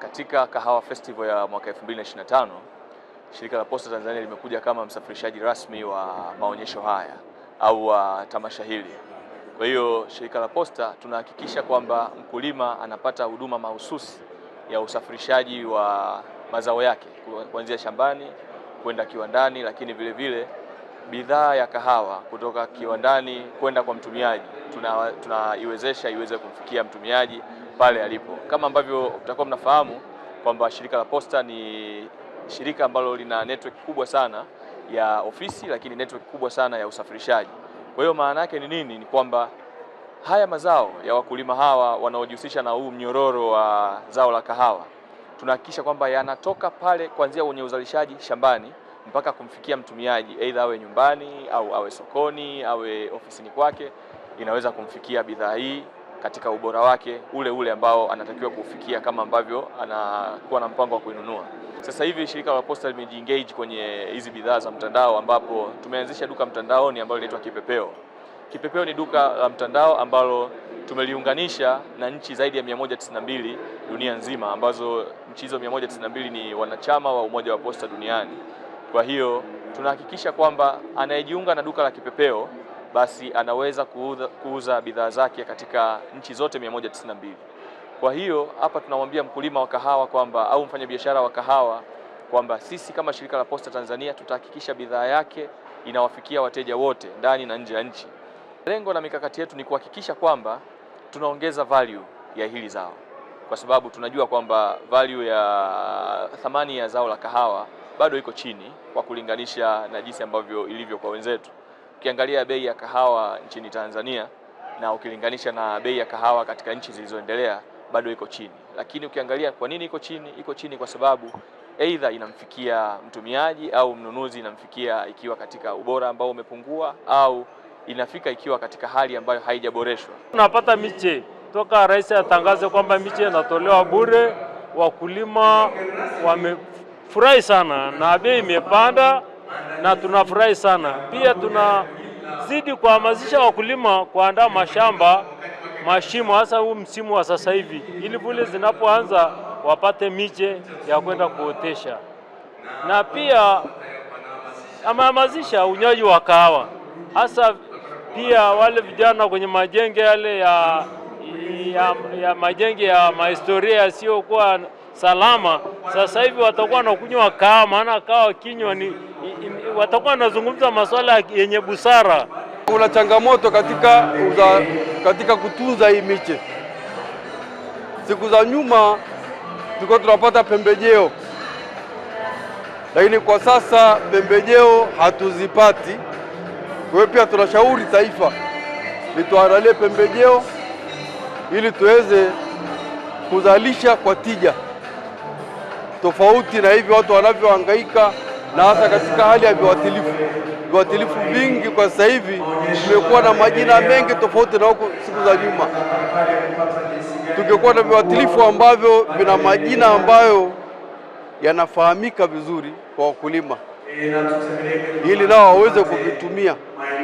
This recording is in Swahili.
Katika Kahawa Festival ya mwaka 2025, shirika la Posta Tanzania limekuja kama msafirishaji rasmi wa maonyesho haya au wa tamasha hili. Kwa hiyo shirika la Posta tunahakikisha kwamba mkulima anapata huduma mahususi ya usafirishaji wa mazao yake kuanzia shambani kwenda kiwandani, lakini vile vile bidhaa ya kahawa kutoka kiwandani kwenda kwa mtumiaji, tunaiwezesha tuna iweze kumfikia mtumiaji pale alipo. Kama ambavyo mtakuwa mnafahamu kwamba shirika la Posta ni shirika ambalo lina network kubwa sana ya ofisi, lakini network kubwa sana ya usafirishaji. Kwa hiyo maana yake ni nini? Ni kwamba haya mazao ya wakulima hawa wanaojihusisha na huu mnyororo wa zao la kahawa tunahakikisha kwamba yanatoka pale kuanzia kwenye uzalishaji shambani mpaka kumfikia mtumiaji, aidha awe nyumbani au awe sokoni, awe ofisini kwake, inaweza kumfikia bidhaa hii katika ubora wake ule ule ambao anatakiwa kufikia kama ambavyo anakuwa na mpango wa kuinunua. Sasa hivi shirika la Posta limejiengage kwenye hizi bidhaa za mtandao, ambapo tumeanzisha duka mtandaoni ambalo linaitwa Kipepeo. Kipepeo ni duka la mtandao ambalo tumeliunganisha na nchi zaidi ya 192 dunia nzima, ambazo nchi hizo 192 ni wanachama wa Umoja wa Posta duniani. Kwa hiyo tunahakikisha kwamba anayejiunga na duka la kipepeo basi anaweza kuuza, kuuza bidhaa zake katika nchi zote 192. Kwa hiyo hapa tunamwambia mkulima wa kahawa kwamba au mfanyabiashara wa kahawa kwamba sisi kama shirika la Posta Tanzania tutahakikisha bidhaa yake inawafikia wateja wote ndani na nje ya nchi. Lengo na mikakati yetu ni kuhakikisha kwamba tunaongeza value ya hili zao, kwa sababu tunajua kwamba value ya thamani ya zao la kahawa bado iko chini kwa kulinganisha na jinsi ambavyo ilivyo kwa wenzetu. Ukiangalia bei ya kahawa nchini Tanzania na ukilinganisha na bei ya kahawa katika nchi zilizoendelea bado iko chini. Lakini ukiangalia kwa nini iko chini? Iko chini kwa sababu aidha inamfikia mtumiaji au mnunuzi, inamfikia ikiwa katika ubora ambao umepungua au inafika ikiwa katika hali ambayo haijaboreshwa. Tunapata miche toka rais atangaze kwamba miche inatolewa bure, wakulima wame furahi sana na bei imepanda na tunafurahi sana pia. Tunazidi kuhamasisha wakulima kuandaa mashamba mashimo, hasa huu msimu wa sasa hivi, ili vule zinapoanza wapate miche ya kwenda kuotesha, na pia amehamasisha unywaji wa kahawa, hasa pia wale vijana kwenye majenge yale ya, ya, ya majenge ya mahistoria yasiyokuwa salama. Sasa hivi watakuwa wanakunywa kahawa, maana kahawa kinywa ni, watakuwa wanazungumza masuala yenye busara. Kuna changamoto katika, uza, katika kutunza hii miche. Siku za nyuma tulikuwa tunapata pembejeo, lakini kwa sasa pembejeo hatuzipati. Kwa hiyo pia tunashauri taifa lituandalie pembejeo ili tuweze kuzalisha kwa tija tofauti na hivi watu wanavyohangaika, na hasa katika hali ya viwatilifu. Viwatilifu vingi kwa sasa hivi vimekuwa na majina mengi tofauti na huko siku za nyuma. Tungekuwa na viwatilifu ambavyo vina majina ambayo yanafahamika vizuri kwa wakulima, ili nao waweze kuvitumia.